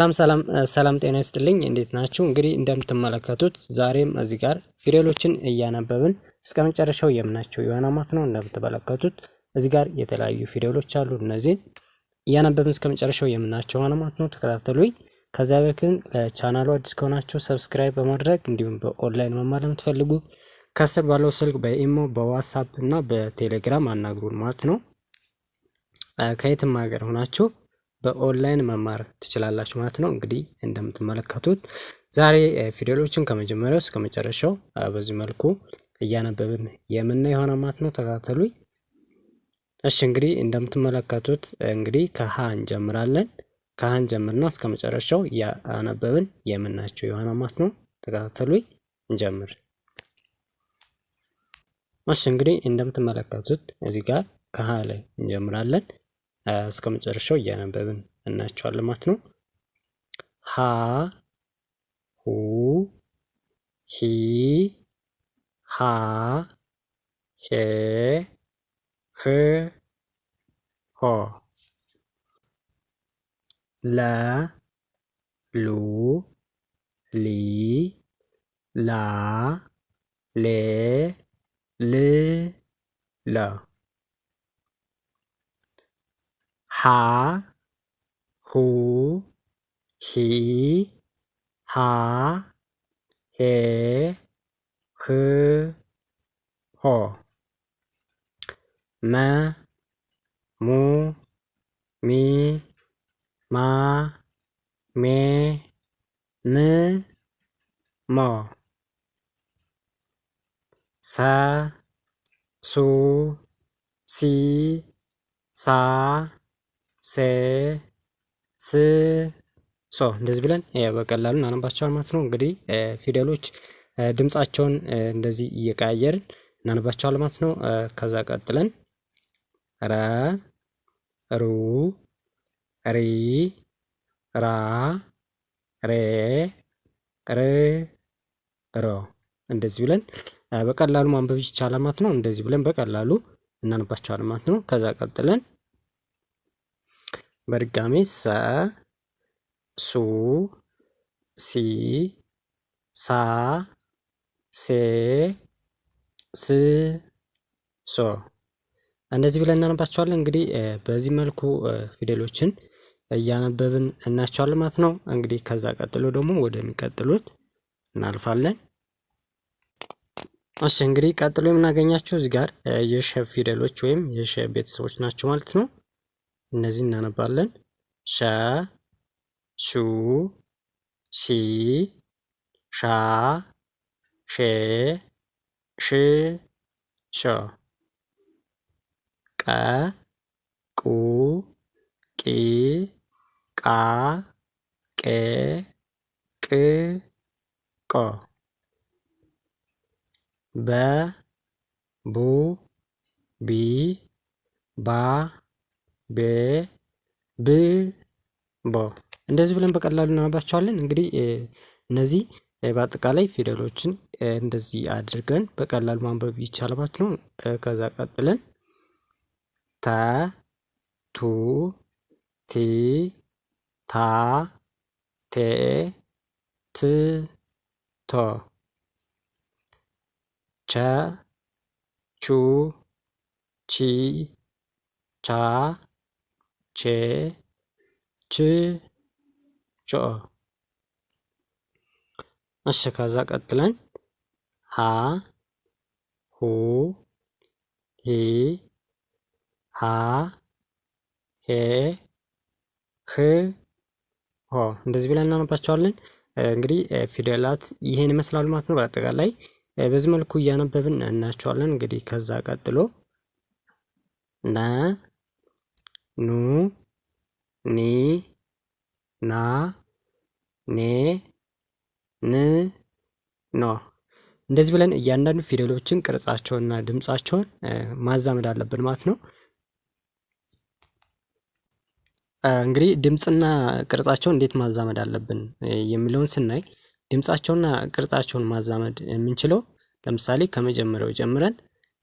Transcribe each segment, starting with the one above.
ሰላም ሰላም ሰላም ጤና ይስጥልኝ እንዴት ናችሁ? እንግዲህ እንደምትመለከቱት ዛሬም እዚህ ጋር ፊደሎችን እያነበብን እስከ መጨረሻው የምናቸው የሆነ ነው። እንደምትመለከቱት እዚህ ጋር የተለያዩ ፊደሎች አሉ። እነዚህን እያነበብን እስከ መጨረሻው የምናቸው የሆነ ነው። ተከታተሉኝ። ከዚያ በፊት ለቻናሉ አዲስ ከሆናችሁ ሰብስክራይብ በማድረግ እንዲሁም በኦንላይን መማር ለምትፈልጉ ከስር ባለው ስልክ በኢሞ በዋትሳፕ እና በቴሌግራም አናግሩን ማለት ነው። ከየትም ሀገር ሆናችሁ በኦንላይን መማር ትችላላችሁ ማለት ነው። እንግዲህ እንደምትመለከቱት ዛሬ ፊደሎችን ከመጀመሪያው እስከ መጨረሻው በዚህ መልኩ እያነበብን የምናይ የሆነ ማለት ነው። ተካተሉኝ። እሺ እንግዲህ እንደምትመለከቱት እንግዲህ ከሀ እንጀምራለን። ከሀ እንጀምርና እስከ መጨረሻው እያነበብን የምናቸው የሆነ ማለት ነው። ተካተሉኝ፣ እንጀምር። እሺ እንግዲህ እንደምትመለከቱት እዚህ ጋር ከሀ ላይ እንጀምራለን። እስከ መጨረሻው እያነበብን እናያቸዋለን ማለት ነው። ሀ ሁ ሂ ሃ ሄ ህ ሆ ለ ሉ ሊ ላ ሌ ል ላ หาหูหีหาเหคือหอมะมูมีมาเมนมอซาสูสี สา ሴ ስ ሶ እንደዚህ ብለን በቀላሉ እናነባቸዋል ማለት ነው። እንግዲህ ፊደሎች ድምጻቸውን እንደዚህ እየቀያየርን እናነባቸዋል ማለት ነው። ከዛ ቀጥለን ረ ሩ ሪ ራ ሬ ር ሮ እንደዚህ ብለን በቀላሉ ማንበብ ይቻላል ማለት ነው። እንደዚህ ብለን በቀላሉ እናነባቸዋል ማለት ነው። ከዛ ቀጥለን በድጋሚ ሰ ሱ ሲ ሳ ሴ ስ ሶ እንደዚህ ብለን እናነባቸዋለን። እንግዲህ በዚህ መልኩ ፊደሎችን እያነበብን እናቸዋለን ማለት ነው። እንግዲህ ከዛ ቀጥሎ ደግሞ ወደሚቀጥሉት እናልፋለን። እሺ እንግዲህ ቀጥሎ የምናገኛቸው እዚህ ጋር የሸ ፊደሎች ወይም የሸ ቤተሰቦች ናቸው ማለት ነው። እነዚህ እናነባለን። ሸ፣ ሹ፣ ሺ፣ ሻ፣ ሼ፣ ሽ፣ ሾ። ቀ፣ ቁ፣ ቂ፣ ቃ፣ ቄ፣ ቅ፣ ቆ። በ፣ ቡ፣ ቢ፣ ባ ቤብቦ ብ ቦ እንደዚህ ብለን በቀላሉ እናነባቸዋለን። እንግዲህ እነዚህ በአጠቃላይ ፊደሎችን እንደዚህ አድርገን በቀላሉ ማንበብ ይቻላል ነው። ከዛ ቀጥለን ተ ቱ ቲ ታ ቴ ት ቶ ቸ ቹ ቺ ቻ ቼ ች ቾ እሺ ከዛ ቀጥለን ሀ ሁ ሂ ሃ ሄ ህ ሆ እንደዚህ ብለን እናነባቸዋለን። እንግዲህ ፊደላት ይሄን ይመስላሉ ማለት ነው። በአጠቃላይ በዚህ መልኩ እያነበብን እናያቸዋለን። እንግዲህ ከዛ ቀጥሎ ነ ኑ ኒ ና ኔ ን ኖ እንደዚህ ብለን እያንዳንዱ ፊደሎችን ቅርጻቸውንና ድምጻቸውን ማዛመድ አለብን ማለት ነው። እንግዲህ ድምፅና ቅርጻቸውን እንዴት ማዛመድ አለብን የሚለውን ስናይ ድምጻቸውና ቅርጻቸውን ማዛመድ የምንችለው ለምሳሌ ከመጀመሪያው ጀምረን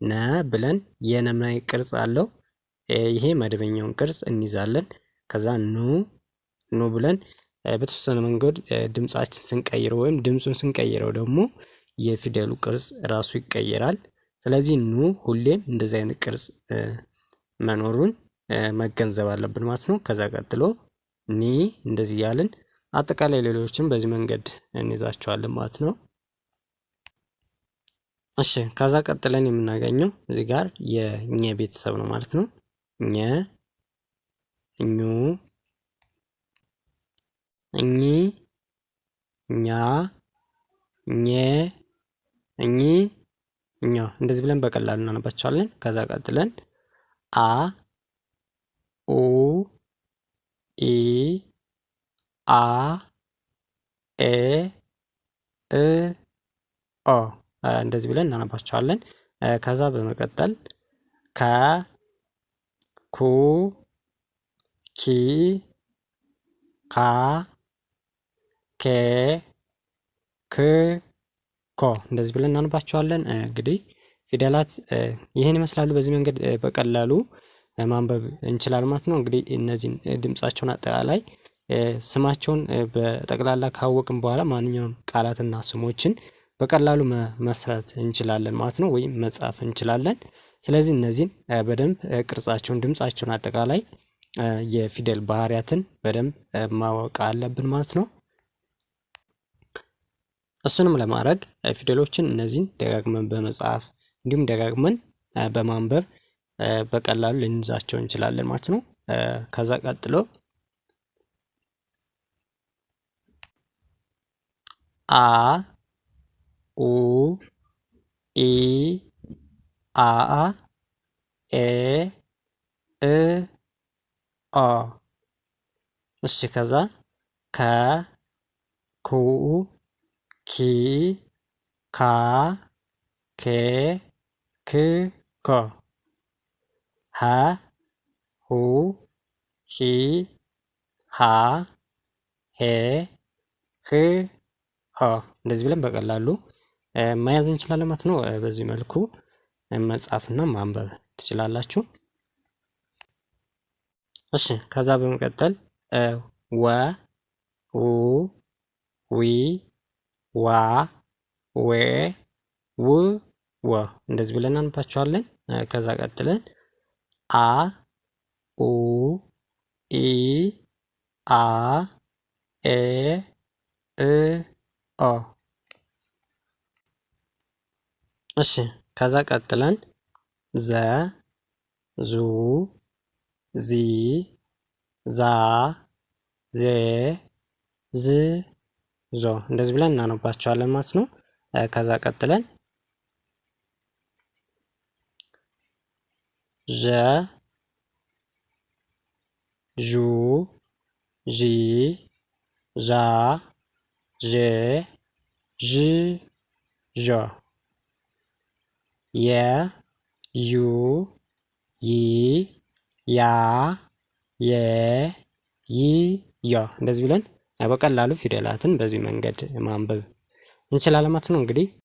ነ ብለን የነምናይ ቅርጽ አለው ይሄ መደበኛውን ቅርጽ እንይዛለን። ከዛ ኑ ኑ ብለን በተወሰነ መንገድ ድምጻችን ስንቀይረው ወይም ድምፁን ስንቀይረው ደግሞ የፊደሉ ቅርጽ ራሱ ይቀየራል። ስለዚህ ኑ ሁሌም እንደዚህ አይነት ቅርጽ መኖሩን መገንዘብ አለብን ማለት ነው። ከዛ ቀጥሎ ኒ እንደዚህ ያልን አጠቃላይ ሌሎችን በዚህ መንገድ እንይዛቸዋለን ማለት ነው። እሺ ከዛ ቀጥለን የምናገኘው እዚህ ጋር የኘ ቤተሰብ ነው ማለት ነው። ኘ ኙ እኚ እኛ ኘ እኚ እኛ እንደዚህ ብለን በቀላሉ እናነባቸዋለን። ከዛ ቀጥለን አ ኡ ኢ አ ኤ እ ኦ እንደዚህ ብለን እናነባቸዋለን። ከዛ በመቀጠል ከ ኩ ኪ ካ ኬ ክ ኮ እንደዚህ ብለን እናንባቸዋለን። እንግዲህ ፊደላት ይህን ይመስላሉ። በዚህ መንገድ በቀላሉ ማንበብ እንችላለን ማለት ነው። እንግዲህ እነዚህን ድምጻቸውን አጠቃላይ ስማቸውን በጠቅላላ ካወቅን በኋላ ማንኛውም ቃላትና ስሞችን በቀላሉ መስራት እንችላለን ማለት ነው፣ ወይም መጻፍ እንችላለን። ስለዚህ እነዚህን በደንብ ቅርጻቸውን፣ ድምጻቸውን፣ አጠቃላይ የፊደል ባህሪያትን በደንብ ማወቅ አለብን ማለት ነው። እሱንም ለማድረግ ፊደሎችን እነዚህን ደጋግመን በመጻፍ እንዲሁም ደጋግመን በማንበብ በቀላሉ ልንይዛቸው እንችላለን ማለት ነው። ከዛ ቀጥሎ አ ኡ ኢ አ ኤ እ ኦ እሺ ከዛ ከ ኩ ኪ ካ ኬ ክ ኮ ሀ ሁ ሂ ሃ ሄ ህ ሆ እንደዚህ ብለን በቀላሉ መያዝ እንችላለን ማለት ነው። በዚህ መልኩ መጻፍና ማንበብ ትችላላችሁ። እሺ ከዛ በመቀጠል ወ ው ዊ ዋ ዌ ው ወ እንደዚህ ብለን አንባቸዋለን። ከዛ ቀጥለን አ ኡ ኢ አ ኤ እ ኦ እሺ ከዛ ቀጥለን ዘ ዙ ዚ ዛ ዜ ዝ ዞ እንደዚህ ብለን እናነባቸዋለን ማለት ነው። ከዛ ቀጥለን ዠ ዡ ዢ ዣ ዤ ዥ ዦ የ ዩ ይ ያ የ ይ ያ እንደዚህ ብለን በቀላሉ ፊደላትን በዚህ መንገድ ማንበብ እንችላለን ማለት ነው። እንግዲህ